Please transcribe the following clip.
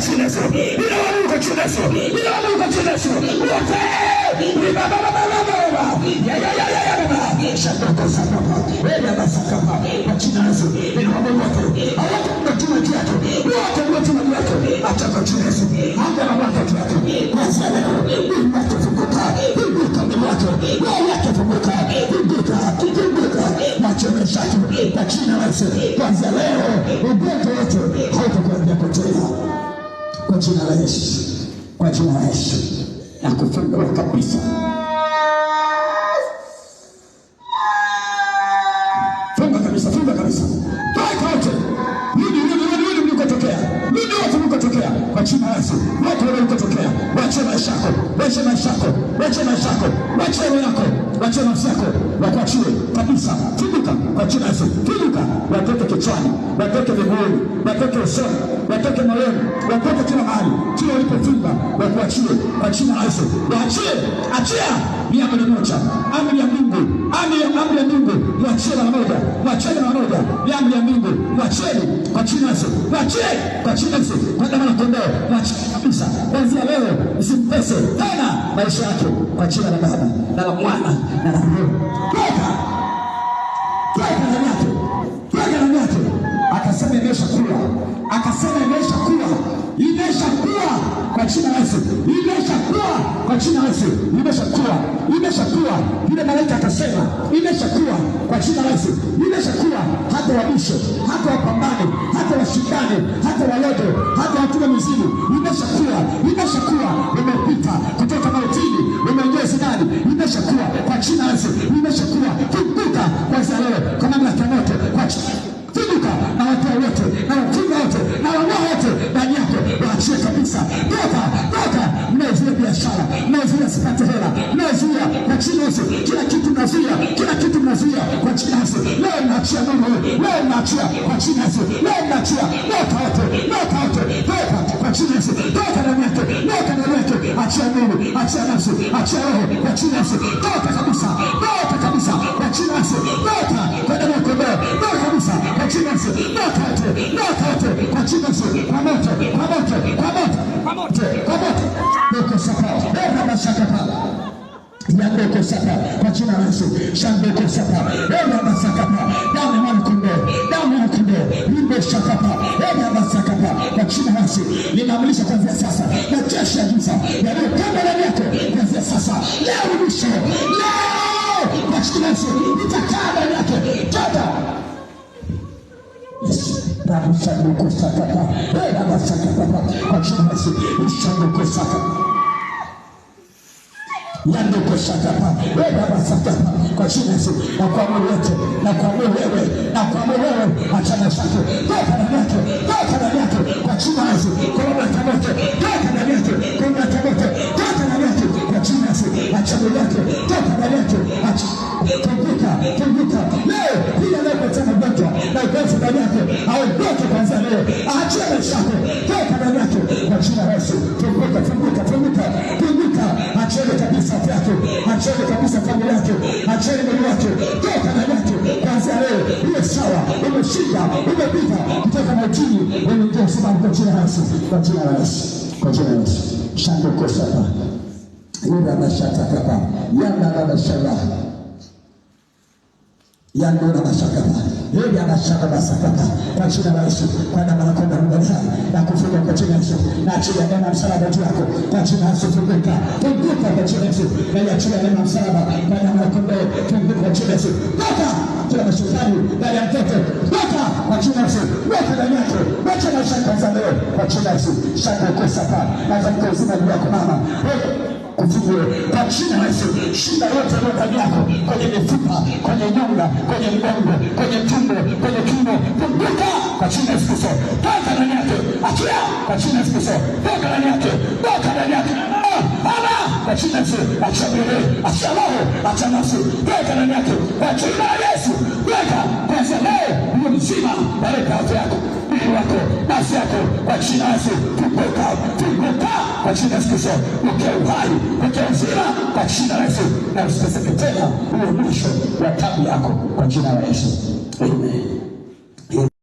Yesu, nina Mungu juu Yesu, nina Mungu juu Yesu, wote ni baba baba baba ya ya ya ya baba shaka sana baba wewe baba saka baba kwa jina Yesu nina Mungu wote hawata kutume juu yako wote wote juu yako hata kwa jina Yesu hata baba kwa juu yako kwa sana Mungu atafunguka Mungu atafunguka wewe atafunguka funguka funguka macho yako kwa jina Yesu kwanza leo ubongo jina la Yesu, kwa jina la Yesu na kufungua kabisa. Funga kabisa, funga kabisa, toka wote, rudi, rudi, rudi mlikotokea, rudi wote mlikotokea, kwa jina la Yesu, wote walikotokea maisha yako, wache maisha yako, wache maisha yako, wache roho yako, wache nafsi yako, wakuachie kabisa. Funguka kwa jina Yesu, funguka, watoke kichwani, watoke miguuni, watoke usoni, watoke moyoni, watoke kila mahali, kila ulipofungwa, wakuachie kwa jina Yesu, waachie, achia miaka mimoja, amri ya Mungu, amri ya amri ya mara moja, mwacheni mara moja, amri ya Mungu, mwacheni kwa jina Yesu, mwacheni kwa jina Yesu, kwa damu ya kondoo, mwacheni kabisa. Kuanzia leo usimtese tena maisha yake kwa jina la Baba na la Mwana na la Roho. Toka, toka ndani yake, toka ndani yake. Akasema imesha kuwa, akasema imesha kuwa, imesha kuwa kwa jina la Yesu, imesha Yesu, imeshakua nimeshakuwa. Yule malaika akasema imeshakuwa kwa jina la Yesu nimeshakuwa. Hata wabisho, hata wapambane, hata washindane, hata walodo, hata watume mizimu, imeshakua imeshakuwa Nimepita kutoka mautini, nimeingia zinani, imeshakuwa kwa jina la Yesu, nimeshakuwa. kwa kwanza leo kwa mamlaka yote, kwa funguka na watu wote na wafunga wote na wanyama wote ndani yako, waachie kabisa toka nazuia sipate hela, nazuia kwa jina Yesu, kila kitu nazuia, kila kitu nazuia kwa jina Yesu. Leo naachia mama wewe, leo naachia kwa jina Yesu, leo naachia nota yote, nota yote, toka kwa jina Yesu, toka ndani yake, nota ndani yake, achia mimi, achia nafsi, achia roho kwa jina Yesu, toka kabisa, toka kabisa kwa jina Yesu, toka kwa damu yako toka kabisa kwa jina Yesu, nota yote, nota yote kwa jina Yesu, kwa moto, kwa moto, kwa moto, kwa moto, kwa moto, kwa moto, kwa moto sakapa yandoko sapa kwa jina la Yesu, shandoko sapa ema masakapa damu ya mkondoo, damu ya mkondoo limbo shakapa ema masakapa kwa jina la Yesu, ninaamrisha kuanzia sasa majeshi ya giza yaliyopanda ndani yako kuanzia sasa, leo mwisho, leo kwa jina la Yesu nitakaa ndani yako toka Babu sanduku sakapa, ema masakapa kwa jina la Yesu, sanduku sakapa yandokoshatapa wedabasatapa kwa jina Yesu, na kuamuru yote, na kuamuru wewe, na kuamuru wewe, achana shato, toka ndani yake, toka ndani yake kwa jina Yesu. acheni kabisa familia yake, acheni mwili wake, toka ndani yake kuanzia leo. Hiyo sawa, umeshinda, umepita kutoka mautini, unaingia usema kwa jina la Yesu, kwa jina la Yesu, kwa jina la Yesu. Shande kosa pa ira mashaka kapa yanda na mashaka yanda na mashaka kapa yeye anashaka masafaka kwa jina la Yesu, kwa namna ya kwenda mbele na kufunga kwa jina la Yesu, na achilia neema msalaba juu yako kwa jina la Yesu, funguka funguka kwa jina la Yesu, na achilia neema msalaba kwa namna ya kwenda funguka kwa jina la Yesu, toka kila mashetani ndani ya mtoto, toka kwa jina la Yesu, weka ndani yako, wacha na shaka za leo kwa jina la Yesu, shaka kosa pa na za kuzima juu yako mama nguvu kwa jina la Yesu. Shida yote iliyo ndani yako, kwenye mifupa, kwenye nyonga, kwenye mgongo, kwenye tumbo, kwenye kiuno, kumbuka kwa jina la Yesu Kristo, toka ndani yake, achia kwa jina la Yesu Kristo, toka ndani yake, toka ndani yake, ala ah, kwa jina la Yesu, achia mbele, achia roho, achia nafsi, toka ndani yake kwa jina la Yesu, toka kwanza leo, mzima baraka yako yako nafsi yako kwa jina Yesu, funguka, funguka kwa jina la Yesu, uke uhai, uke uzima kwa jina Yesu, na usiteseke tena, huo mwisho wa tabu yako kwa jina la Yesu. Amen.